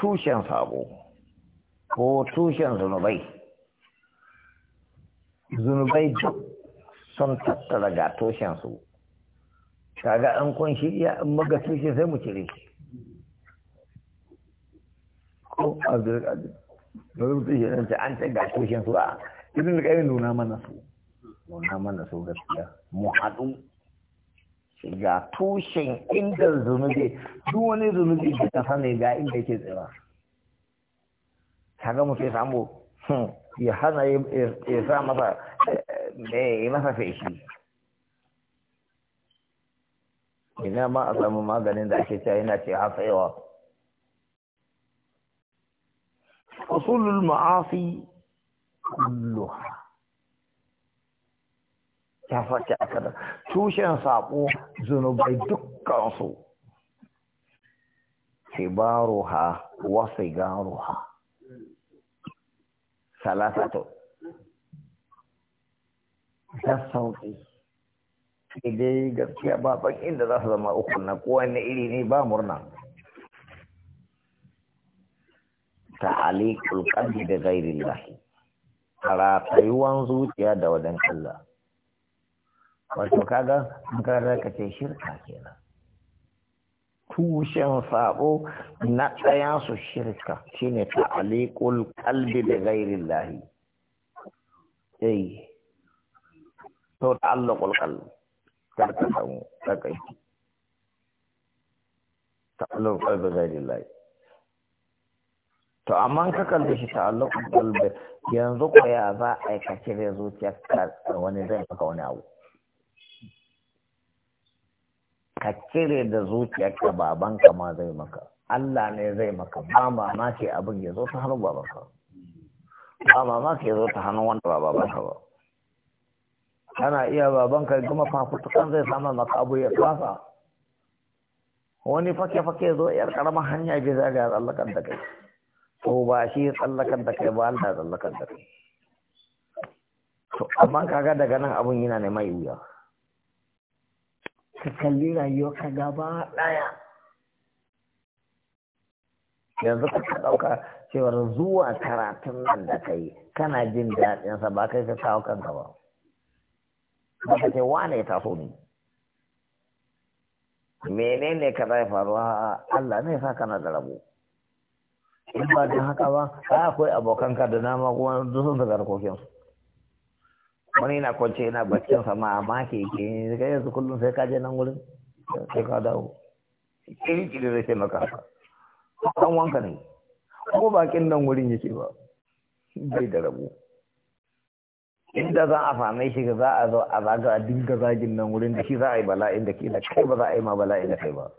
tushen sabo ko tushen zunubai zunubai duk sun tattara ga tushen su kaga an kun ya in maga tushe sai mu cire shi ko abdulkadir rubutu shi nan an ce ga tushen su a irin da kai nuna mana su nuna mana su gaskiya mu haɗu ga tushen inda zunubi duk wani zunubi da ka sani ga inda yake tsira kaga mu sai samu hmm, ya hana ya sa masa eh, eh, ya masa feshi ina ma a samu maganin da ake cewa yana ce hatsayawa usulul ma'afi, kulluha ya sake aka da tushen saƙo zunubai dukkansu wasu wa sigaruha salasato ta sauƙi idai gaskiya ba bakin da za su zama uku na kowane iri ne ba murna ta'aliqul da bi ghayri a karatayuwan zuciya da wajen Allah wato kaga in kaga ka ce shirka kenan tushen sabo na ɗaya su shirka shine alikul kalbi da ghairi llahi eh to ta qalbi kar ka samu kai kulkal da gairin lahi to amma ka kalle shi ta'alluqul qalbi yanzu ko ya za a aikace zuciyar wani zai maka wani abu ka cire da zuciyarka babanka ma zai maka Allah ne zai maka ba mamaki abin ya zo ta hannun babanka ba mamaki ya zo ta hannun wanda ba babanka ba kana iya babanka kuma fafutukan zai samar maka abu ya kasa wani fake-fake zo yar karamar hanya bai zaga ya tsallakar da kai to ba shi ya da kai ba Allah ya da kai to amma kaga daga nan abun yana ne mai wuya ka kalli rayuwa ka gaba ɗaya yanzu ka ɗauka cewar zuwa karatun nan da kai kana jin daɗinsa ba kai ka kawo kanka ba ba ka ce wane ya taso ni. menene ka zai faruwa Allah ne sa kana da rabu. in ba don haka ba akwai ka da nama kuma dusun daga harkokinsu wani na kwance yana bakin sama amma ke ke ga yanzu kullum sai ka je nan wurin sai ka dawo kiri kiri zai taimaka ka kan wanka ne ko bakin nan wurin yake ba bai da rabu inda za a fama shi za a zo a zaga a dinga zagin nan wurin da shi za a yi bala'in da ke da kai ba za a yi ma bala'in da kai ba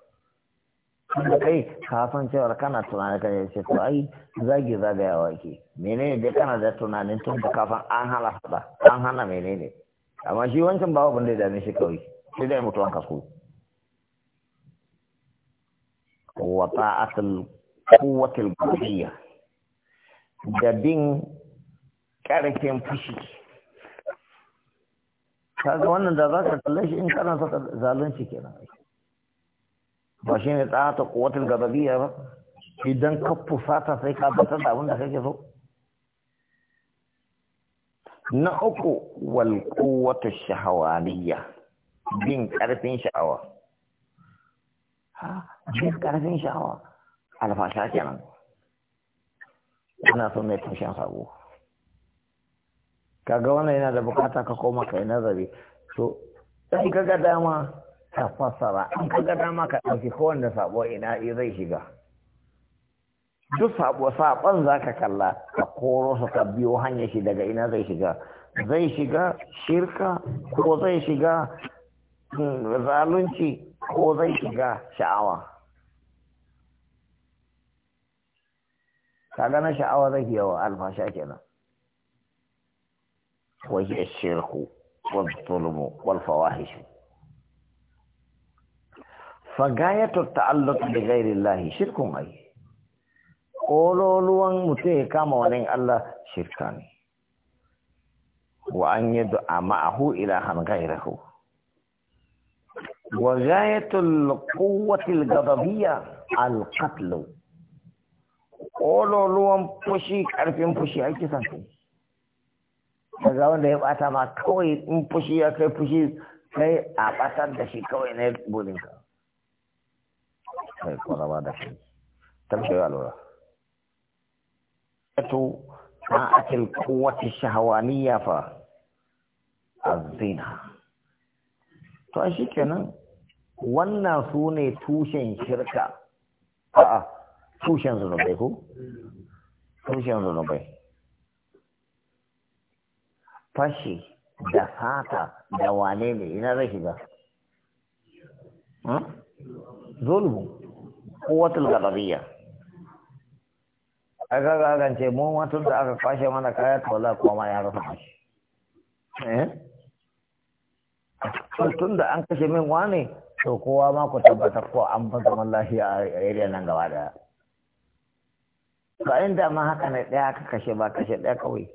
kuma kai kafin cewar kana tunanin kan ya ce to ai zagi zagayawa ke menene dai kana da tunanin tun da kafin an hana ba an hana menene amma shi wancan babu abin da ya dame shi kawai sai dai mutuwan kaso wa ta'atul quwwatil qawiyya da bin karfin fushi kaga wannan da za ka kalle shi in kana saka zalunci kenan ba shi ne tsata ta kowatar gababiya ba idan ka fusata sai ka batar da wanda kake so na uku wal kowatar shahawaniya bin karfin sha'awa bin karfin sha'awa alfasha kenan ana so mai tushen sabo kaga wannan yana da bukata ka koma kai nazari so dan kaga dama ka fassara an ka ga dama ka ɗauki kowanne sabo ina zai shiga duk sabo sabon za ka kalla ka koro su ka biyo hanyar shi daga ina zai shiga zai shiga shirka ko zai shiga hmm, zalunci ko zai shiga sha'awa kaga na sha'awa zai yawa alfasha kenan wajen shirku wal zulmu wal fawahishu fagayatar ta'alluq da gairin lahi shirkun ay ƙololuwan mutu ya kama wani Allah shirka ne wa an yi du'a ma'ahu ilahan gairahu wa gababiya kuwatil gababiyya alƙatlu ƙololuwan fushi ƙarfin fushi ake san Da daga wanda ya bata ma kawai in fushi ya kai fushi kai a ɓatar da shi kawai na burinka kai kwalaba da kai tambayi alura to ma akil kowace shahawaniya fa azina to shi kenan wannan su ne tushen shirka a'a tushen zunubai ko tushen zunubai fashi da fata da wane ne ina zai shiga hmm? zulmu kuwatul gadabiyya aka gance mu tun da aka kwashe mana kaya to la ma ya rufa shi eh tun da an kashe min wani to kowa ma ku tabbatar ko an ba zaman lafiya a area nan gaba da Ba inda ma haka ne daya aka kashe ba kashe daya kawai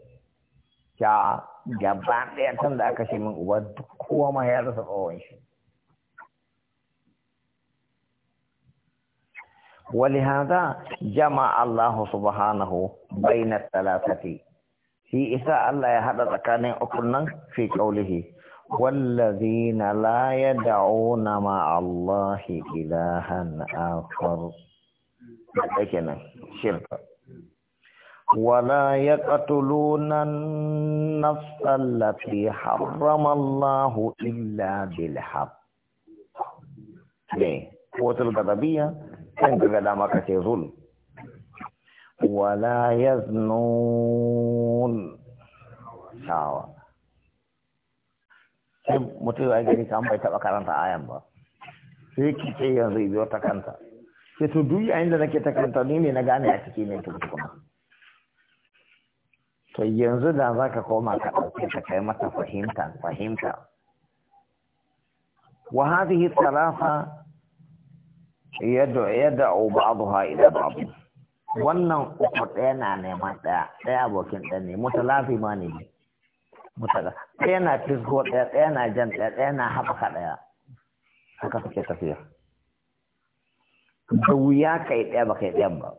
ya gaba daya tun da aka kashe min uba kowa ma ya rufa tsawon shi ولهذا جمع الله سبحانه بين الثلاثة في إساء الله يهدى كان أكرنا في قوله والذين لا يدعون مع الله إلها آخر لكن شرك ولا يقتلون النفس التي حرم الله إلا بالحق ليه قوة الغضبية kan ga zul wala yaznun shawa sai mutum ya gani kan bai taba karanta ayan ba sai ki ce yanzu ido ta kanta sai to duk yayin da nake ta kanta ni ne na gane a ciki ne kuma to yanzu da za ka koma ka ɗauke ka kai mata fahimta fahimta wa hadhihi thalatha yadda ha ila ba'd wannan uku ɗaya na neman ɗaya ɗaya abokin ɗaya ne mutalafi ma ne mutala ɗaya na fisgo ɗaya ɗaya na jan ɗaya ɗaya na haɓaka ɗaya haka suke tafiya da wuya kai ɗaya ba kai ɗayan ba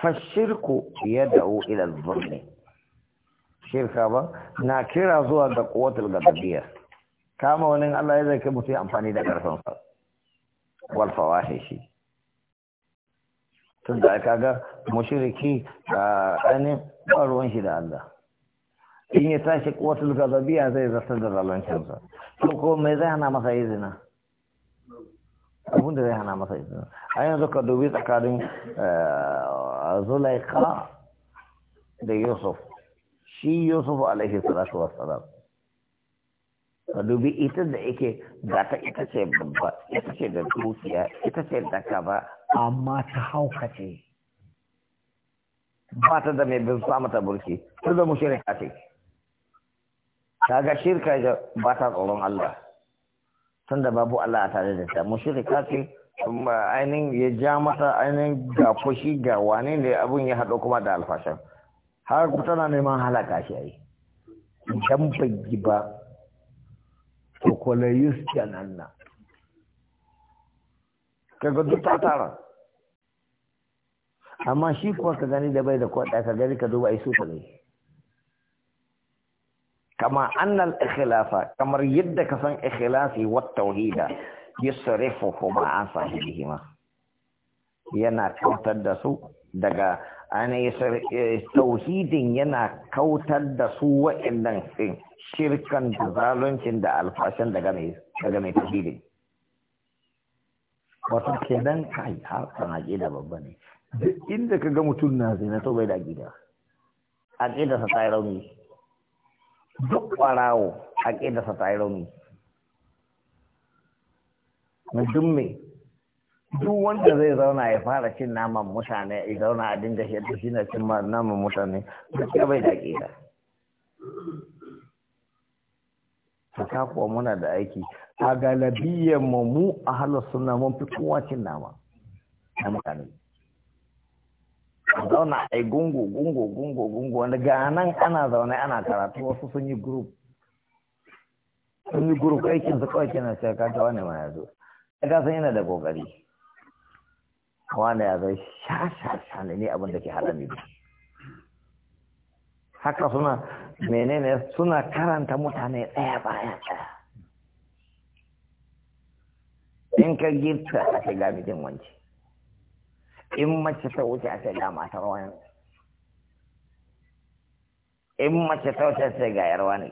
fashirku ya da'u ila zulmi shirka ba na kira zuwa ga quwwatul gadabiyya kama wani Allah ya zaka mutu amfani da sa wal fawahishi tun da aka ga mushriki a ani ba ruwan shi da Allah in ya tashi kwatul gazabiya zai zartar da zalancinsa to ko me zai hana masa izina da zai hana masa izina a yanzu ka dubi tsakanin zulaika da yusuf shi yusuf alaihi salatu wassalam ka dubi ita da yake ba ta ita ce babba ita ce da dukiya ita ce da kaba amma ta hauka ce ba ta da mai bin sa mata burki ta da mushrika ce ta ga shirka ba ta tsoron Allah tun da babu Allah a tare da ta mushrika ce ainihin ya ja mata ainihin ga fushi ga wane ne abun ya haɗo kuma da alfashan har tana neman halaka shi a yi idan bai ba kwalayus jananna kaga duk ta tara amma shi kuwa ka gani da bai da kwaɗa ka gani ka duba isu su ne kama annal ikhlasa kamar yadda ka san ikhlasi wa tauhida yusrifu huma an sahibihima yana kautar da su daga ana eh, tauhidin yana kautar da su wa'annan sin shirkan da zaluncin da alfashin daga mai daga mai tauhidin wato kenan kai harkan gida babba ne inda ka ga mutum na zina to bai da A gida sa tayi rauni duk ƙwarawo gida sa tayi rauni mutum me duk wanda zai zauna ya fara cin naman mutane ya zauna a dinga shi da shine cin naman mutane gaskiya bai da kira ta kuwa muna da aiki a galabiyyar mu mu a halar suna mun fi kowa cin nama na mutane zauna a yi gungu gungu gungu gungu wanda ga nan ana zaune ana karatu wasu sun yi group sun yi group aikin su kawai kenan sai ka ta wani ma ya zo ka san yana da kokari wani ya zai sha sha sha ne ne abin da ke haɗa ne haka suna menene suna karanta mutane ɗaya bayan ɗaya in ka girka a ce gami jin wanci in mace ta wuce a ce gama ta wani in mace ta wuce a ce gayar wani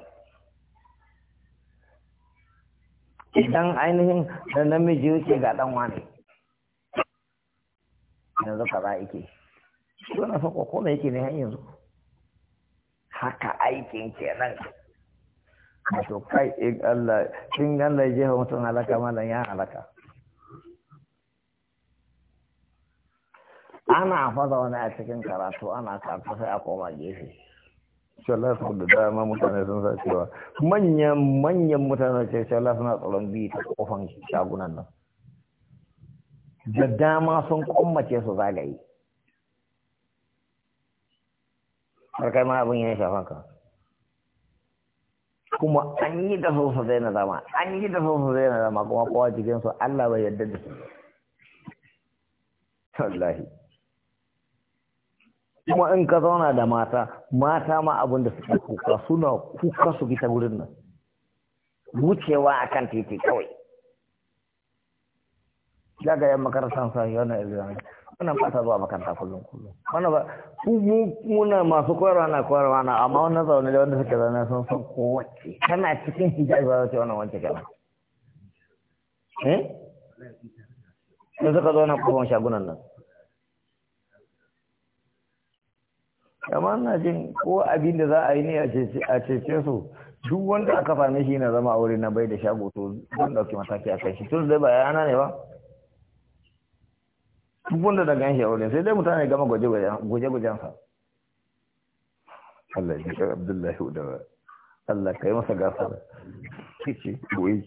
idan ainihin da namiji wuce ga ɗan wani yanzu kaza yake na fa ko me yake ne har yanzu haka aikin kenan to kai in Allah kin Allah ya jefa mutum halaka malam ya halaka ana faɗa wani a cikin karatu ana karatu sai a koma gefe shallah su da dama mutane sun sa cewa manyan manyan mutane ce shallah suna tsoron biyu ta kofan shagunan nan da dama sun kummace su zagaye Harkar ma abin yana shafan ka kuma an yi da so su daina zama an yi da so su daina zama kuma kowa cikin su Allah bai yarda da su wallahi kuma in ka zauna da mata mata ma abin da suke kuka suna kuka su bisa wurin nan wucewa akan titi kawai daga yan makarantar sa yana examen wannan ba ta zuwa makaranta kullum kullum wannan ba ku muna masu koyarwa na koyarwa na amma wannan zaune da wanda suke zaune sun san kowace kana cikin hijabi ba ce wannan wance kana eh da suka zo na kofar shagunan nan kamar na jin ko abin da za a yi ne a cece su duk wanda aka same shi na zama a wuri na bai da shago to zan dauki mataki a kai shi tun da ba yana ne ba duk wanda da ganshi a wurin sai dai mutane gama gwaje sa Allah ya ka Abdullahi Udawa Allah ka yi masa gasa ba. kici boye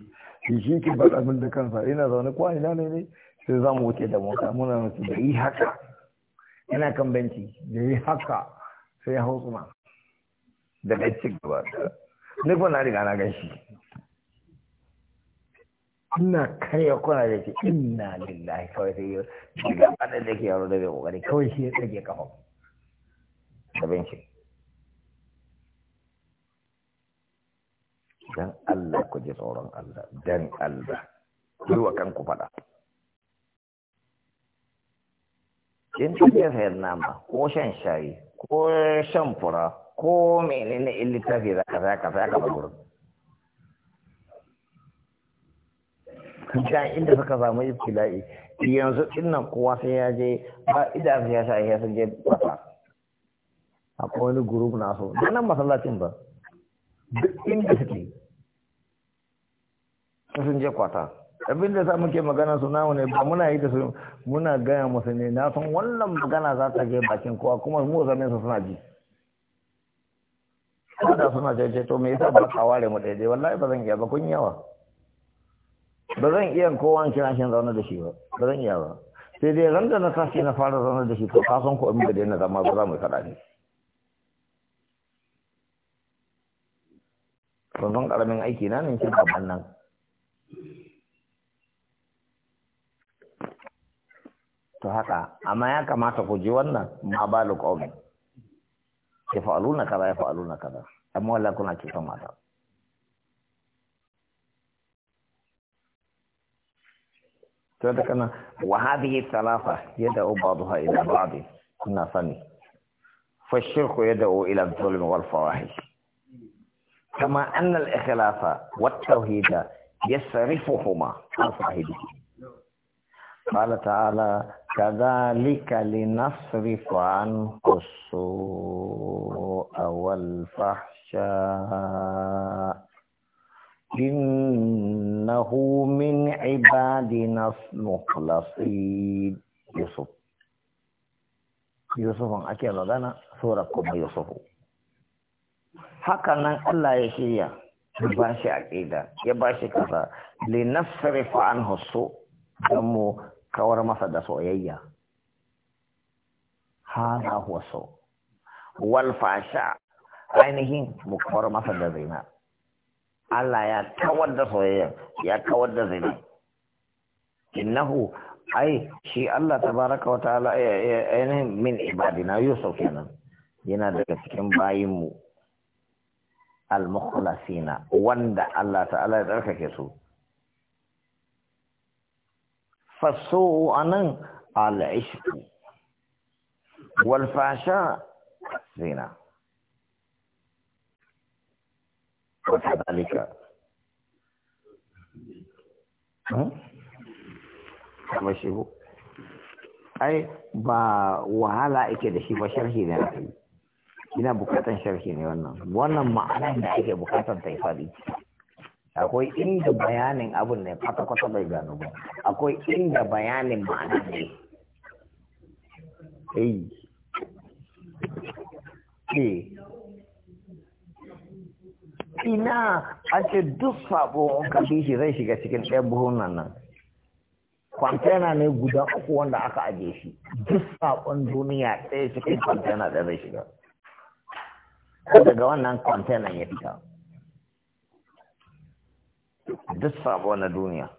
shi shi ki bada abin da kansa ina zaune kwa ina ne ne sai za mu wuce da mota muna mutu da yi haka ina kan benci da yi haka sai ya hau suna da kai cikin gaba ne ko na riga na ganshi ina karya kuna da ce ina lillahi kawai sai yau da ke yaro da bai ƙoƙari kawai shi ya tsage kafa abin shi don Allah ku ji tsoron Allah don Allah ku wa kanku faɗa in ta je sayar nama ko shan shayi ko shan fura ko menene in littafi za ka za ka za ka ba gurin da inda suka samu ibtila'i yanzu dinnan kowa sai ya je ba idan ya sha ya sun je kwata akwai wani group na so nan masallacin ba duk inda suke sun je kwata abin da sa muke magana su namu ne ba muna yi da su muna gaya musu ne na san wannan magana za ta je bakin kowa kuma mu zanen su suna ji da suna ce to me yasa ba ka ware mu daidai wallahi ba zan iya ba kun yawa ba zan iya kowa in kira shi zaune da shi ba ba zan iya ba sai dai ran da na tashi na fara zaune da shi to ka san ko da ba daina zama ba za mu faɗa ne babban karamin aiki na nan shi ban nan to haka amma ya kamata ku ji wannan ma balu qawmi fa'aluna kaza fa'aluna kaza amma wallahi kuna cikin mata سيادة كان وهذه الثلاثة يدعو بعضها إلى بعض كنا فني فالشرك يدعو إلى الظلم والفواحش كما أن الإخلاف والتوحيد يصرفهما عن صاحبه قال تعالى كذلك لنصرف عنه السوء والفحشاء إنه من عبادنا المخلصين يوسف يوسف أكيد لنا سورة يوسف haka nan Allah ya shirya ya ba shi aƙida ya ba shi kasa linasrifa an husu don kawar masa soyayya hana huwa so wal fasha ainihin mu kawar masa da zina Allah ya kawar da soyayya ya kawar da zina innahu ai shi Allah tabaraka wa ta'ala ayyana min ibadina Yusuf kenan yana daga cikin bayinmu al-mukhlasina wanda Allah ta'ala ya tsarkake su fasu anan al-ishq wal fasha zina وكذلك hmm? kamar shigo ai ba wahala ake da shi ba sharhi ne a yi ina bukatan sharhi ne wannan wannan ma'ana da ake bukatan ta ifadi akwai inda bayanin abin ne kwata-kwata bai gano ba akwai inda bayanin ma'ana ne eh eh ina ake duk sabo kafin shi zai shiga cikin ɗaya buhun nan kwantena ne guda uku wanda aka ajiye shi duk sabon duniya ɗaya cikin kwantena ɗaya zai shiga ko daga wannan kwantena ya fita duk sabo na duniya